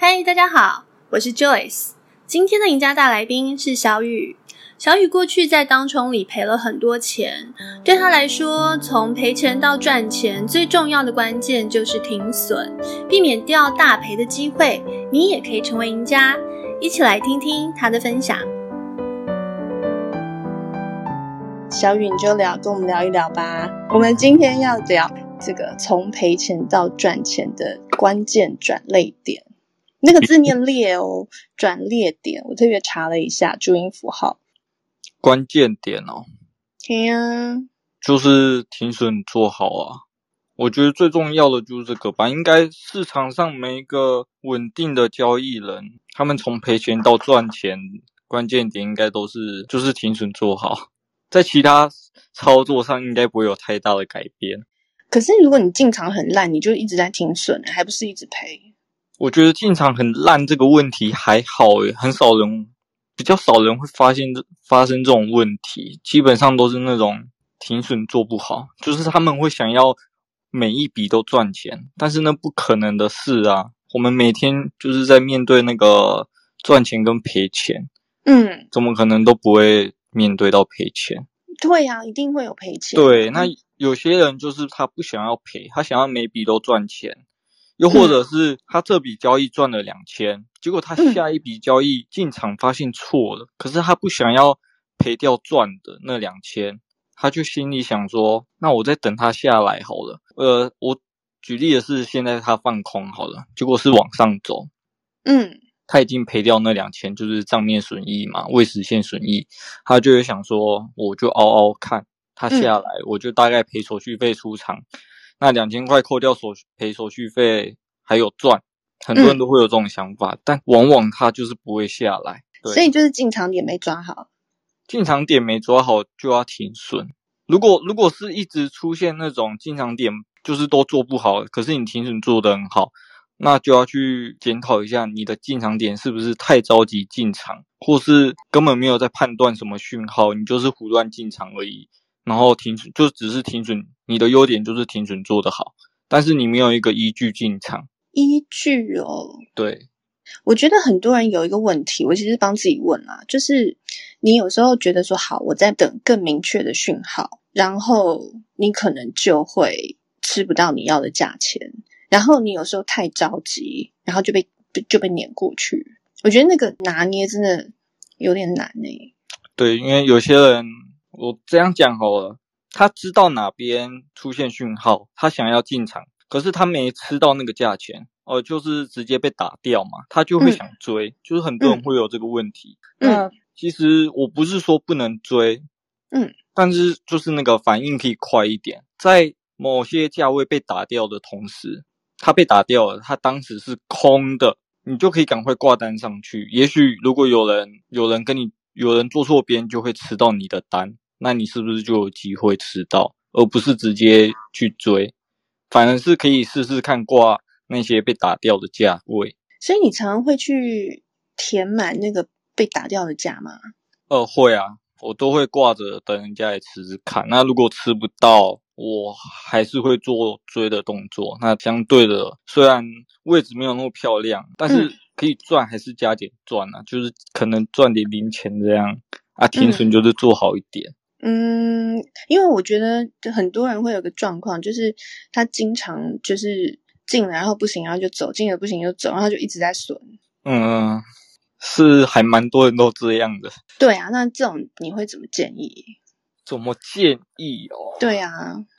嗨，大家好，我是 Joyce。今天的贏家大來賓是小瑀。小瑀過去在當沖裡賠了很多錢，對他來說，從賠錢到賺錢最重要的關鍵就是停損，避免掉大賠的機會。你也可以成為贏家，一起來聽聽他的分享。小瑀，你就聊跟我們聊一聊吧。我們今天要聊這個從賠錢到賺錢的關鍵轉捩點。那個字念“列”哦，轉捩點。我特別查了一下注音符號，關鍵點哦。聽、哎，就是停損做好啊。我覺得最重要的就是這個吧。應該市場上每一個穩定的交易人，他們從賠錢到賺錢，關鍵點應該都是就是停損做好。在其他操作上應該不會有太大的改變。可是如果你進場很爛，你就一直在停損，還不是一直賠？我覺得進場很爛這個問題還好，很少人比較少人會發現發生這種問題，基本上都是那種停損做不好，就是他們會想要每一筆都賺錢，但是那不可能的事啊。我們每天就是在面對那個賺錢跟賠錢，嗯，怎麼可能都不會面對到賠錢？對呀，一定會有賠錢。對，那有些人就是他不想要賠，他想要每筆都賺錢。又或者是他這筆交易賺了兩千、嗯，結果他下一筆交易進場發現錯了，嗯、可是他不想要賠掉賺的那兩千，他就心裡想說：那我再等他下來好了。呃，我舉例的是現在他放空好了，結果是往上走，嗯，他已經賠掉那兩千，就是賬面損益嘛，未實現損益，他就會想說：我就熬熬看他下來，嗯，我就大概賠手續費出場。那兩千塊扣掉手賠手續費還有賺，很多人都會有這種想法，嗯，但往往它就是不會下來，對。所以就是進場點沒抓好，進場點沒抓好就要停損。如果如果是一直出現那種進場點就是都做不好，可是你停損做得很好，那就要去檢討一下你的進場點是不是太着急進場，或是根本沒有在判斷什麼訊號，你就是胡亂進場而已。然後停就只是停損，你的優點就是停損做得好，但是你沒有一個依據進場依據哦。對，我覺得很多人有一個問題，我其實幫自己問啦，就是你有時候覺得說好，我再等更明確的訊號，然後你可能就會吃不到你要的價錢，然後你有時候太着急，然後就被就被碾過去。我覺得那個拿捏真的有點難呢、欸。對，因為有些人。我這樣講好了，他知道哪邊出現訊號，他想要進場，可是他沒吃到那個價錢，哦、呃，就是直接被打掉嘛，他就會想追，嗯、就是很多人會有這個問題。嗯、那其實我不是說不能追，嗯，但是就是那個反應可以快一點，在某些價位被打掉的同時，他被打掉了，他當時是空的，你就可以趕快掛單上去。也許如果有人有人跟你有人做錯邊，就會吃到你的單。那你是不是就有機會吃到，而不是直接去追，反而是可以試試看掛那些被打掉的價位。所以你常常會去填滿那個被打掉的價嗎？呃，會啊，我都會掛着等人家來吃吃看。那如果吃不到，我還是會做追的動作。那相對的，雖然位置沒有那麼漂亮，但是可以賺還是加減賺啊、嗯，就是可能賺點零錢這樣啊，停損就是做好一點。嗯。嗯，因為我覺得就很多人會有個狀況，就是他經常就是進來，然後不行，然後就走；進來不行就走，然後就一直在損。嗯，是還蠻多人都這樣的。對啊，那這種你會怎麼建議？怎麼建議哦？對啊，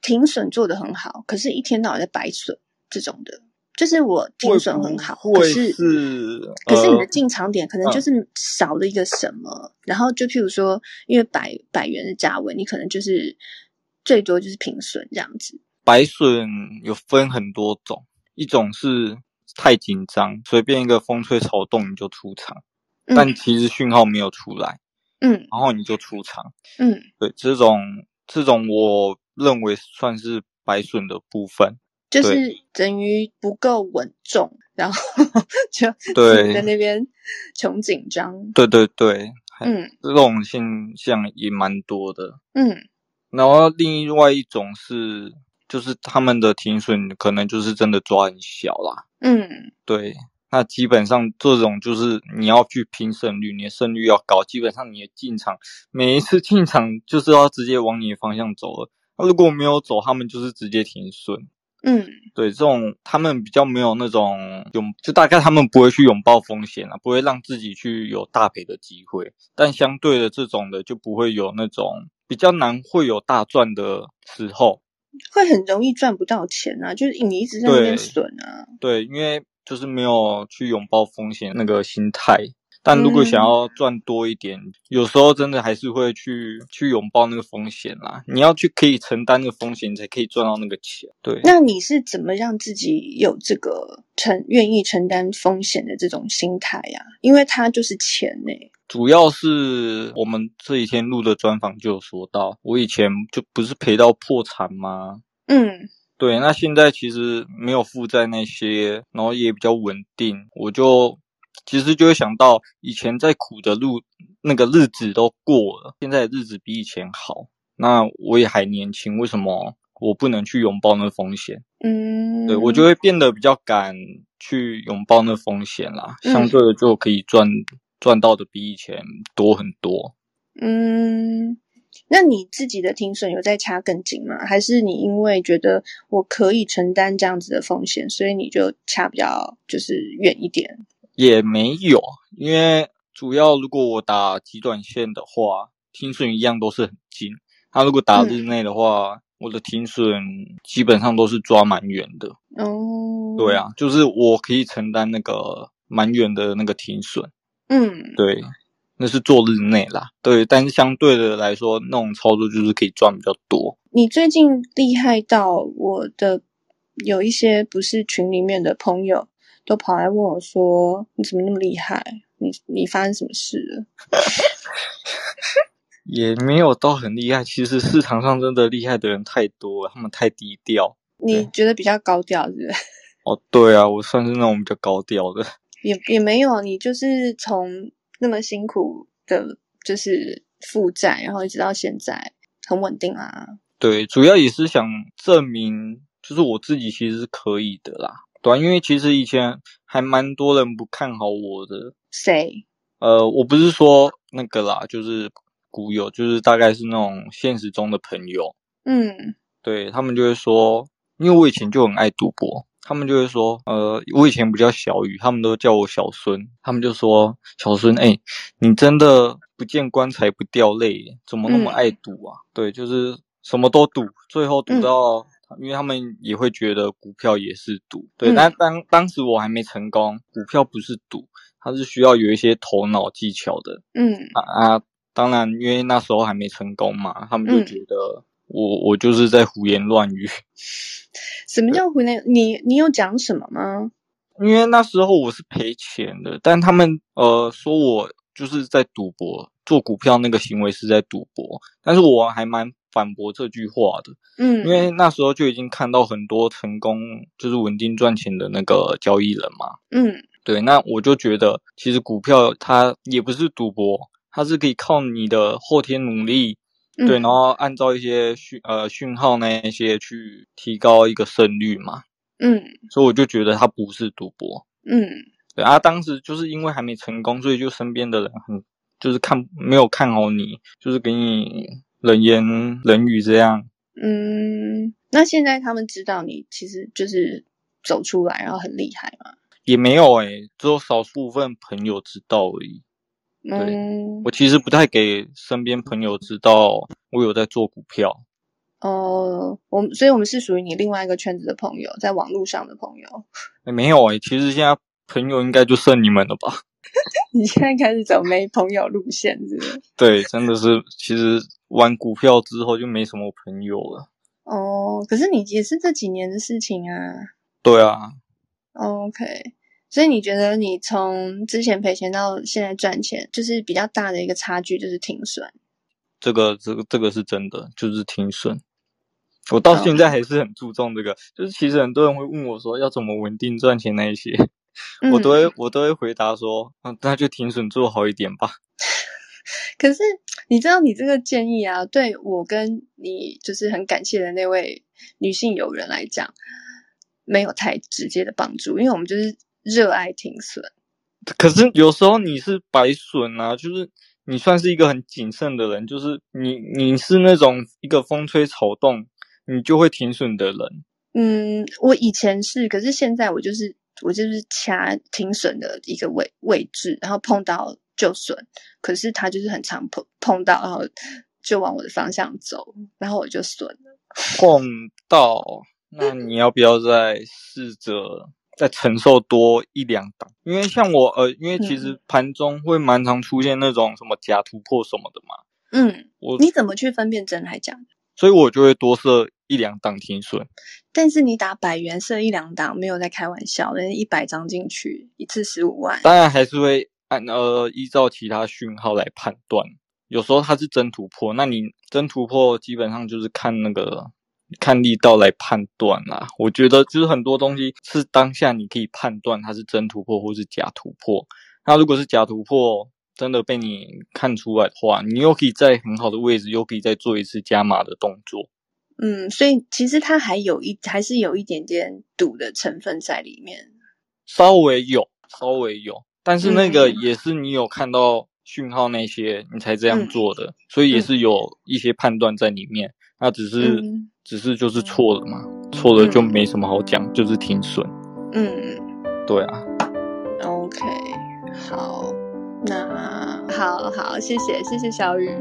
停損做得很好，可是一天到晚在白損這種的。就是我停損很好，或是可是、呃、可是你的進場點可能就是少了一個什麼，嗯、然後就譬如說，因為百百元的價位，你可能就是最多就是停損這樣子。停損有分很多種，一種是太緊張，隨便一個風吹草動你就出場，嗯、但其實訊號沒有出來，嗯，然後你就出場，嗯，對，這種這種我認為算是停損的部分。就是等於不夠穩重，然後就對在那邊窮緊張。對對對，嗯，這種現象也蠻多的。嗯，然後另外一種是，就是他們的停損可能就是真的抓很小啦。嗯，對，那基本上這種就是你要去拼勝率，你的勝率要高。基本上你進場，每一次進場就是要直接往你的方向走了，那如果沒有走，他們就是直接停損。嗯，對，這種他們比較沒有那種，就大概他們不會去擁抱風險啊，不會讓自己去有大賠的機會。但相對的，這種的就不會有那種，比較難會有大賺的時候，會很容易賺不到錢啊，就是你一直在那邊損啊。對。對，因為就是沒有去擁抱風險那個心態。但如果想要賺多一點，嗯，有時候真的還是會去去擁抱那個風險啦。你要去可以承擔的風險，你才可以賺到那個錢。對，那你是怎麼讓自己有這個承願意承擔風險的這種心態呀、啊？因為它就是錢呢、欸。主要是我們這幾天錄的專訪就有說到，我以前就不是賠到破產嗎？嗯，對。那現在其實沒有負債那些，然後也比較穩定，我就。其實就會想到，以前在苦的路，那個日子都過了，現在的日子比以前好，那我也還年輕，為什麼我不能去擁抱那風險？嗯，對，我就會變得比較敢去擁抱那風險啦，嗯、相對的就可以賺賺到的比以前多很多。嗯，那你自己的停損有在掐更緊嗎？還是你因為覺得我可以承擔這樣子的風險，所以你就掐比較就是遠一點？也沒有，因為主要如果我打極短線的話，停損一樣都是很近。他如果打日內的話，嗯、我的停損基本上都是抓蠻遠的。哦，對啊，就是我可以承擔那個蠻遠的那個停損。嗯，對，那是做日內啦。對，但是相對的來說，那種操作就是可以賺比較多。你最近厲害到我的有一些不是群裡面的朋友。都跑來問我說：“你怎麼那麼厲害？你你發生什麼事了？” 也沒有到很厲害，其實市場上真的厲害的人太多，他們太低調。你覺得比較高調，是不是？哦，對啊，我算是那種比較高調的。 也也沒有，你就是從那麼辛苦的，就是負債，然後一直到現在很穩定啊。對，主要也是想證明，就是我自己其實是可以的啦。對，因為其實以前還蠻多人不看好我的。誰？呃，我不是說那個啦，就是股友，就是大概是那種現實中的朋友。嗯，對，他們就會說，因為我以前就很愛賭博，他們就會說，呃，我以前不叫小瑀，他們都叫我小孫，他們就說小孫，哎、欸，你真的不見棺材不掉淚，怎麼那麼愛賭啊？嗯、對，就是什麼都賭，最後賭到、嗯。因為他們也會覺得股票也是賭，對。嗯、但當當時我還沒成功，股票不是賭，它是需要有一些頭腦技巧的。嗯啊，啊，當然，因為那時候還沒成功嘛，他們就覺得我、嗯、我，我就是在胡言亂語。什麼叫胡言？你你有講什麼嗎？因為那時候我是賠錢的，但他們呃說我就是在賭博，做股票那個行為是在賭博，但是我還蠻。反駁這句話的，嗯，因為那時候就已經看到很多成功，就是穩定賺錢的那個交易人嘛，嗯，對，那我就覺得其實股票它也不是賭博，它是可以靠你的後天努力，嗯，對，然後按照一些訊呃訊號那些去提高一個勝率嘛，嗯，所以我就覺得它不是賭博，嗯，對啊，當時就是因為還沒成功，所以就身邊的人很就是看沒有看好你，就是給你。冷言冷語這樣，嗯，那現在他們知道你其實就是走出來，然後很厲害嘛？也沒有哎、欸，只有少數分朋友知道而已。嗯，我其實不太給身邊朋友知道我有在做股票。哦、呃，我們，所以我們是屬於你另外一個圈子的朋友，在網絡上的朋友。欸、沒有哎、欸，其實現在朋友應該就剩你們了吧？ 你現在開始走沒朋友路線，是不是，是 對，真的是，其實玩股票之後就沒什麼朋友了。哦，可是你也是這幾年的事情啊。對啊。OK，所以你覺得你從之前賠錢到現在賺錢，就是比較大的一個差距，就是停損。這個，這個，這個是真的，就是停損。我到現在還是很注重這個，哦、就是其實很多人會問我說，要怎麼穩定賺錢那一些。我都會、嗯，我都會回答說，嗯，那就停損做好一點吧。可是你知道，你這個建議啊，對我跟你就是很感謝的那位女性友人來講，沒有太直接的幫助，因為我們就是熱愛停損。可是有時候你是白損啊，就是你算是一個很謹慎的人，就是你你是那種一個風吹草動，你就會停損的人。嗯，我以前是，可是現在我就是。我就是掐停損的一個位位置，然後碰到就損。可是它就是很常碰碰到，然後就往我的方向走，然後我就損了。碰到，那你要不要再試着再承受多一兩檔？因為像我，呃，因為其實盤中會蠻常出現那種什麼假突破什麼的嘛。嗯，我你怎麼去分辨真還假？所以，我就會多設一兩檔停損。但是你打百元設一兩檔，沒有在開玩笑，那一百張進去一次十五萬。當然還是會按呃依照其他訊號來判斷。有時候它是真突破，那你真突破基本上就是看那個看力道來判斷啦。我覺得就是很多東西是當下你可以判斷它是真突破或是假突破。那如果是假突破。真的被你看出來的話，你又可以在很好的位置，又可以再做一次加碼的動作。嗯，所以其實它還有一，還是有一點點賭的成分在裡面。稍微有，稍微有，但是那個也是你有看到訊號那些，你才這樣做的、嗯，所以也是有一些判斷在裡面。嗯、那只是、嗯，只是就是錯了嘛，錯了就沒什麼好講，嗯、就是停損。嗯，對啊。OK，好。那好好，謝謝謝謝小瑀。